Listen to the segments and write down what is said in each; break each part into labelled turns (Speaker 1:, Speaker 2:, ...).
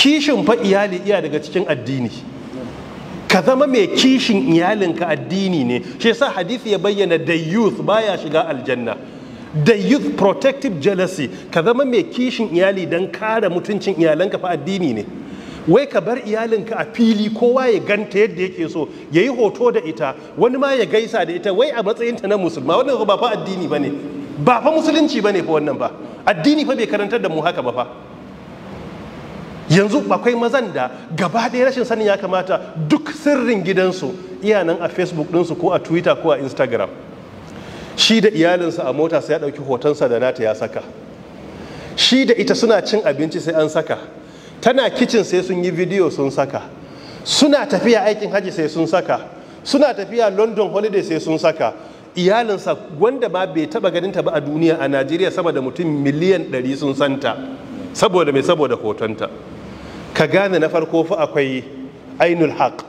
Speaker 1: kishin fa iyali iya daga cikin addini ka zama mai kishin iyalinka addini ne shi yasa hadisi ya bayyana da youth baya shiga aljanna da youth protective jealousy ka zama mai kishin iyali don kare mutuncin iyalanka fa addini ne wai ka bar iyalinka a fili kowa ya ganta yadda yake so ya yi hoto da ita wani ma ya gaisa da ita wai a matsayinta na musulma wannan ba fa addini ba ne ba fa musulunci ba ne fa wannan ba addini fa bai karantar da mu haka ba fa yanzu akwai mazan da gaba ɗaya rashin sanin ya kamata duk sirrin gidansu iya nan a facebook ɗinsu ko a twitter ko a instagram shi da iyalinsa a mota sai ya ɗauki hotonsa da nata ya saka shi da ita suna cin abinci sai an saka tana kicin sai sun yi bidiyo sun saka suna tafiya aikin haji sai sun saka suna tafiya london holiday sai sun saka iyalinsa wanda ma bai taba ganin ta ba a duniya a najeriya sama da mutum miliyan 100 sun santa saboda mai saboda hotonta ka gane na farko fa akwai ainul haq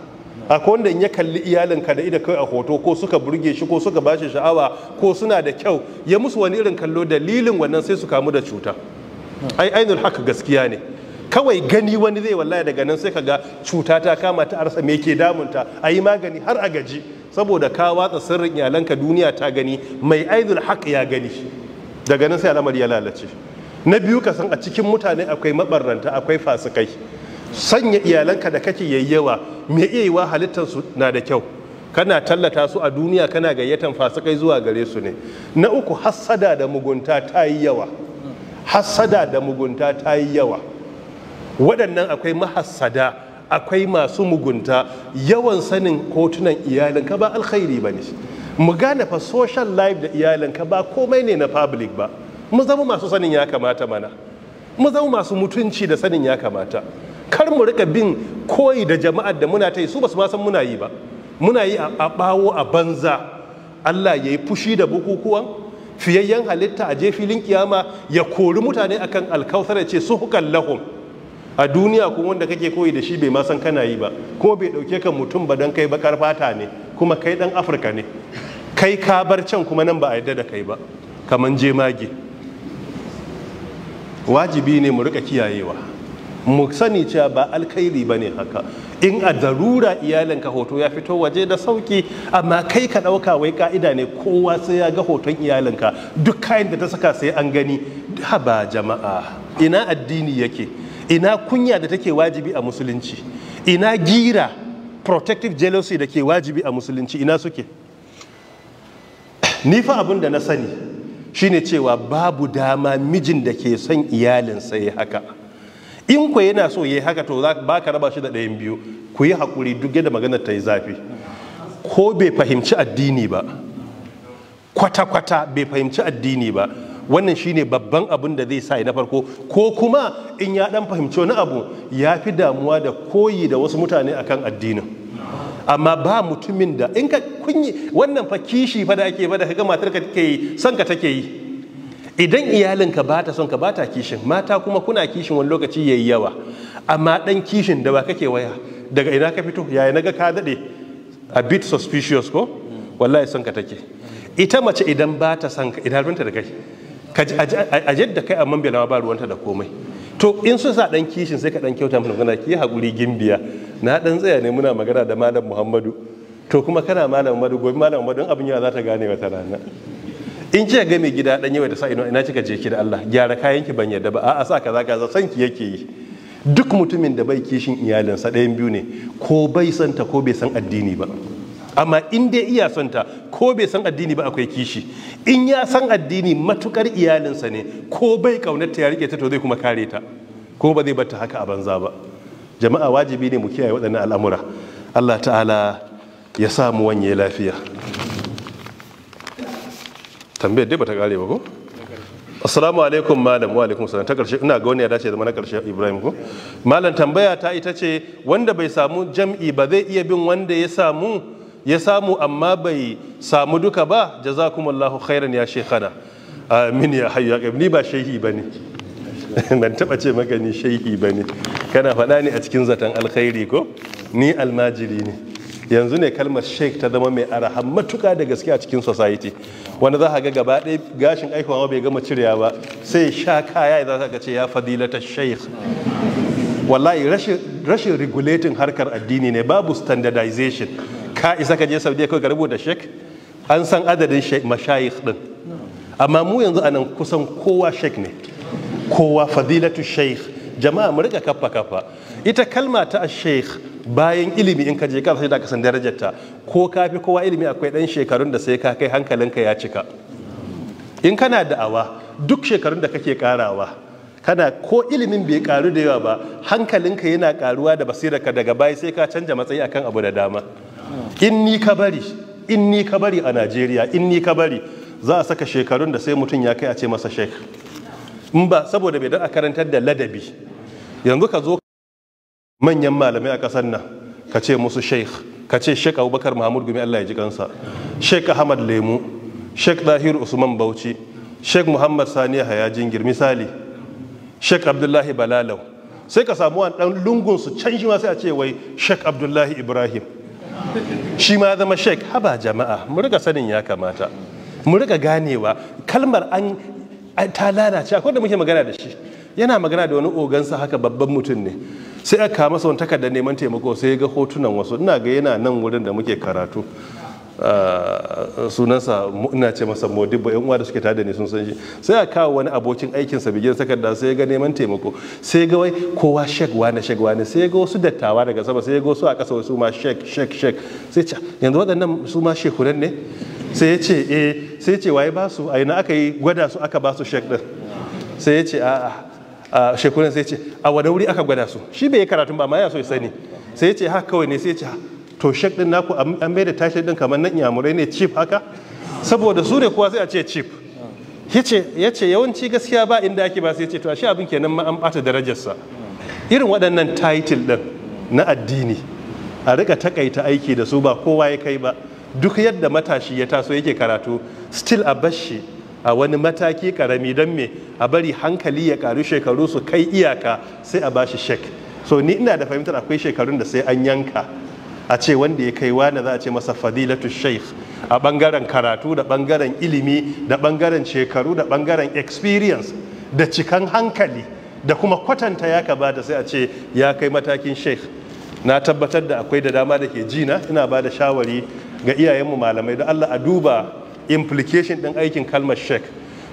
Speaker 1: akwai wanda in ya kalli iyalinka da ida kai a hoto ko suka burge shi ko suka bashi sha'awa ko suna da kyau ya musu wani irin kallo dalilin wannan sai su kamu da cuta ai ainul haq gaskiya ne kawai gani wani zai wallahi daga nan sai kaga cuta ta kama ta arsa me ke damunta a yi magani har a gaji saboda ka watsa sirrin iyalanka duniya ta gani mai ainul haq ya gani daga nan sai al'amari ya lalace na biyu ka san a cikin mutane akwai mabarranta akwai fasikai sanya iyalanka da kake yayyawa me iya yiwa halittar su na da kyau kana tallata su a duniya kana gayyatan fasikai zuwa gare su ne na uku hassada da mugunta ta yi yawa hassada da mugunta ta yi yawa waɗannan akwai mahassada akwai masu mugunta yawan sanin kotunan iyalinka ba alkhairi ba ne mu gane fa social life da iyalinka ba komai ne na public ba mu zama masu sanin ya kamata mana mu zama masu mutunci da sanin ya kamata kar mu rika bin koyi da jama'ar da muna ta yi su ba su ma san muna yi ba muna yi a bawo a banza Allah ya yi fushi da bukukuwan fiyayyen halitta a je filin kiyama ya kori mutane akan alkawtar ya ce su hukan lahum a duniya kuma wanda kake koyi da shi bai ma san kana yi ba Ko bai dauke ka mutum ba dan kai bakar fata ne kuma kai dan afirka ne kai ka bar can kuma nan ba a yadda da kai ba kaman jemage wajibi ne mu rika kiyayewa mu sani cewa ba alkhairi ba ne haka in a darura iyalinka hoto ya fito waje da sauki amma kai ka ɗauka wai ka'ida ne kowa sai ya ga hoton iyalinka duk kayan da ta saka sai an gani ba jama'a ina addini yake ina kunya da take wajibi a musulunci ina gira protective jealousy da ke wajibi a musulunci ina suke ni fa abin da na sani shine cewa babu dama mijin da ke son iyalinsa ya haka in ku yana so ya yi haka to ba ka raba shi da ɗayan biyu ku yi hakuri duk yadda maganar ta yi zafi ko bai fahimci addini ba kwata-kwata bai fahimci addini ba wannan shine babban abin da zai sa na farko ko kuma in ya dan fahimci wani abu ya fi damuwa da koyi da wasu mutane akan addinin amma ba mutumin da in ka kunyi wannan fa kishi fa da ake ba da kaga matar ka take yi son ka take yi idan iyalinka ba ta son ka ba ta kishin mata kuma kuna kishin wani lokaci yayi yawa amma dan kishin da ba kake waya daga ina ka fito yaya naga ka dade a bit suspicious ko wallahi son ka take ita mace idan ba ta son ka idan da kai a jadda kai amma bai ba ruwanta da komai to in sun sa dan kishin sai ka dan kyauta mana gana ki hakuri gimbiya na dan tsaya ne muna magana da malam Muhammadu to kuma kana malam Muhammadu gobe malam Muhammadu abin yawa za ta gane wata rana in kika ga mai gida dan yawa da sa ina kika je ki da Allah gyara kayan ki ban yarda ba a'a sa kaza kaza san ki yake yi duk mutumin da bai kishin iyalinsa ɗayan biyu ne ko bai santa ko bai san addini ba amma in dai iya santa ko bai san addini ba akwai kishi in ya san addini matukar iyalinsa ne ko bai kaunarta ya rike ta to zai kuma kare ta ko ba zai bata haka a banza ba jama'a wajibi ne mu kiyaye waɗannan al'amura Allah ta'ala ya samu wanye lafiya tambayar dai bata kare ba ko assalamu alaikum malam wa alaikum salam ta karshe ina ga wani ya dace zama na karshe ibrahim ko malam tambaya ta ita ce wanda bai samu jam'i ba zai iya bin wanda ya samu ya samu amma bai samu duka ba jazakumullahu khairan ya shekhana amin ya hayya ya ni ba shehi bane ban taba ce maka ni shehi bane kana faɗa ne a cikin zaton alkhairi ko ni almajiri ne yanzu ne kalmar sheik ta zama mai araha matuka da gaske a cikin society wani za ka ga gaba ɗaya gashin aikawa bai gama cirewa ba sai sha kaya za ka ce ya fadilata sheik wallahi rashin regulating harkar addini ne babu standardization ka isa ka je saudiya kawai ka rubuta sheik an san adadin mashayikh din amma mu yanzu anan kusan kowa sheik ne kowa fadilatu sheik jama'a mu rika kafa kafa ita kalma ta sheik bayan ilimi in ka je ka sai da ka san darajarta ko ka fi kowa ilimi akwai dan shekarun da sai ka kai hankalinka ya cika in kana da'awa duk shekarun da kake karawa kana ko ilimin bai karu da yawa ba hankalinka yana karuwa da basirarka daga baya sai ka canja matsayi akan abu da dama in ni ka bari in ni ka bari a Najeriya in ni ka bari za a saka shekarun da sai mutum ya kai a ce masa sheik in ba saboda bai don a karantar da ladabi yanzu ka zo manyan malamai a ƙasar nan ka ce musu sheikh ka ce sheikh abubakar mahmud gumi allah ya ji kansa sheikh ahmad lemu sheikh zahir usman bauchi sheikh muhammad saniya hayajin gir misali sheikh abdullahi balalau sai ka samu wani dan lungun su can shi ma a ce wai sheikh abdullahi ibrahim shi ma zama sheikh haba jama'a mu rika sanin ya kamata mu rika ganewa kalmar an ta lalace akwai da muke magana da shi yana magana da wani ogansa haka babban mutum ne sai a kawo masa wani takardar neman taimako sai ya ga hotunan wasu ina ga yana nan wurin da muke karatu ah, sunansa ina ce masa modibba yan uwa da suke tada ne sun san shi sai a kawo wani abokin aikinsa bigin takarda sai ya ga neman taimako sai ga wai kowa shek wani shek wani. sai ga wasu dattawa daga sama sai ga wasu a kasa wasu ma shek shek shek sai ce yanzu waɗannan su ma shekuran ne sai ya ce eh sai ya ce waye ba su a ina aka yi gwada su aka ba su shek din sai ya ce a'a a shekurun sai ce a wada wuri aka gwada su shi bai yi karatun ba ma ya so ya sani sai ce haka kawai ne sai ce to shek din naku an bai da tashi din kamar nan iyamurai ne chief haka saboda su ne kowa sai a ce chief ya ce yawanci gaskiya ba inda ake ba sai ce to a shi abin kenan ma an bata darajarsa irin waɗannan title ɗin na addini a rika takaita aiki da su ba kowa ya kai ba duk yadda matashi ya taso yake karatu still a bashi a wani mataki karami don me a bari hankali ya karu shekaru su kai iyaka sai a bashi shek so ni ina da fahimtar akwai shekarun da sai an yanka a ce wanda ya kai wani za a ce masa fadilatu sheikh a bangaren karatu da bangaren ilimi da bangaren shekaru da bangaren experience da cikan hankali da kuma kwatanta ya ka kamata sai a ce ya kai matakin sheikh na tabbatar da akwai da dama da ke jina ina ba da shawari ga iyayenmu malamai da allah a duba implication ɗin aikin kalmar shek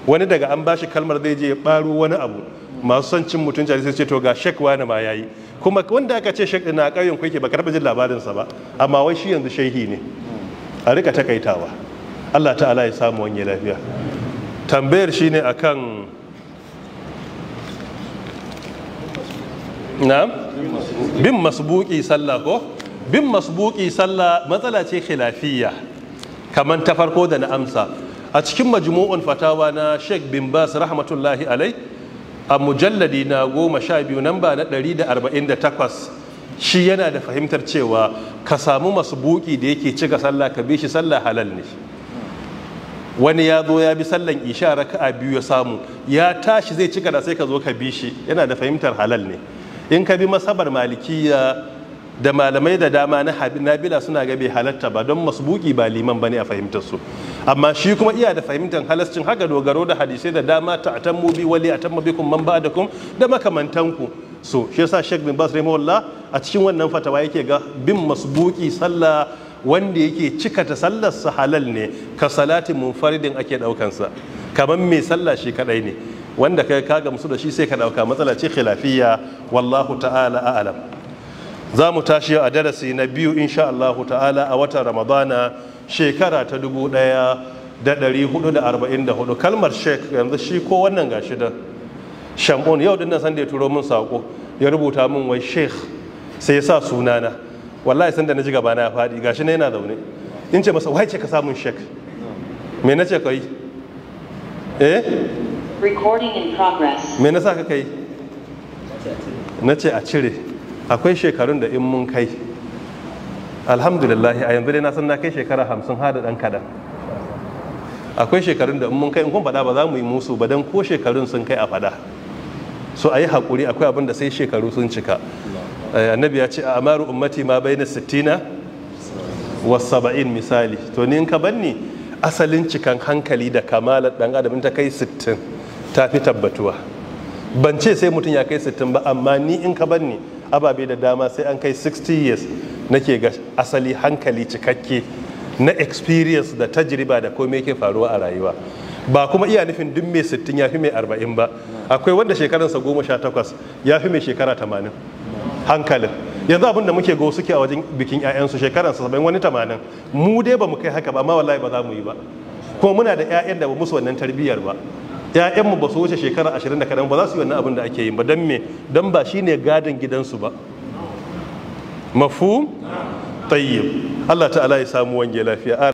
Speaker 1: wani daga an bashi kalmar zai je ya ɓaro wani abu masu son cin mutunci sai ce to ga shek wani ma yayi kuma wanda aka ce shek na ƙauyen ku yake ba taɓa jin labarinsa ba amma wai shi yanzu shehi ne a rika takaitawa Allah ta'ala ya samu wani lafiya tambayar shine akan na bin masbuki sallah ko bin masbuki sallah matsala ce khilafiyya kamar ta farko da na amsa a cikin majmu'un fatawa na sheikh bin bas rahmatullahi alai a mujalladi na goma sha biyu nan ba na 148 shi yana da fahimtar cewa ka samu masu buki da yake cika sallah ka bi shi sallah halal ne wani ya zo ya bi sallan isha raka'a biyu ya samu ya tashi zai cika da sai ka zo ka bi shi yana da fahimtar halal ne in ka bi masabar malikiya da malamai da dama na nabila suna ga bai halatta ba don masbuki ba liman bane a fahimtar su amma shi kuma iya da fahimtar halascin haka dogaro da hadisai da dama ta a bi wali atamma bikum man ba da makamantanku so shi yasa Sheikh bin Bas rahimahullah a cikin wannan fatawa yake ga bin buki sallah wanda yake cika ta sallar sa halal ne ka salatin munfaridin ake daukan sa kamar mai sallah shi kadai ne wanda kai ka gamsu da shi sai ka dauka matsala ce khilafiyya wallahu ta'ala a'lam za mu tashi a darasi na biyu insha Allahu ta'ala a watan ramadana shekara ta dubu ɗaya da ɗari hudu da arba'in da hudu kalmar shek yanzu shi ko wannan ga shi da Shambon yau dinnan san da ya turo min saƙo, ya rubuta min wai sheikh sai ya sa sunana wallahi san da na ji gaba na ya faɗi shi na yana zaune in ce masa wai ce ka samun shek me na ce ka yi eh recording in progress me na sa ka yi? na ce a cire akwai shekarun da in mun kai alhamdulillahi a yanzu dai na san na kai shekara hamsin ha da ɗan kaɗan akwai shekarun da in mun kai in kun faɗa ba za mu yi musu ba dan ko shekarun sun kai a faɗa so a yi haƙuri akwai abin da sai shekaru sun cika eh, annabi ya ce a amaru ummati ma bai na sittina wa saba'in misali to ni in ka banni asalin cikan hankali da kamalar dan adam ta kai sittin ta fi tabbatuwa ban ce sai mutum ya kai sittin ba amma ni in ka banni ababe da dama sai an kai 60 years nake ga asali hankali cikakke na experience da tajriba da komai yake faruwa a rayuwa ba kuma iya nufin duk mai 60 ya fi mai 40 ba akwai wanda shekaransa 18 ya fi mai shekara 80 hankalin yanzu abin da muke go suke a wajen bikin 'ya'yansu shekaransa 70 wani 80 mu dai ba mu kai haka ba amma wallahi ba za mu yi ba kuma muna da 'ya'yan da ba musu wannan tarbiyyar ba 'ya'yanmu ba su wuce shekara ashirin da kaɗan ba za su yi wannan abin da ake yi ba don me don ba shi ne gadon gidansu ba mafu tayyib allah ta'ala ya samu wange lafiya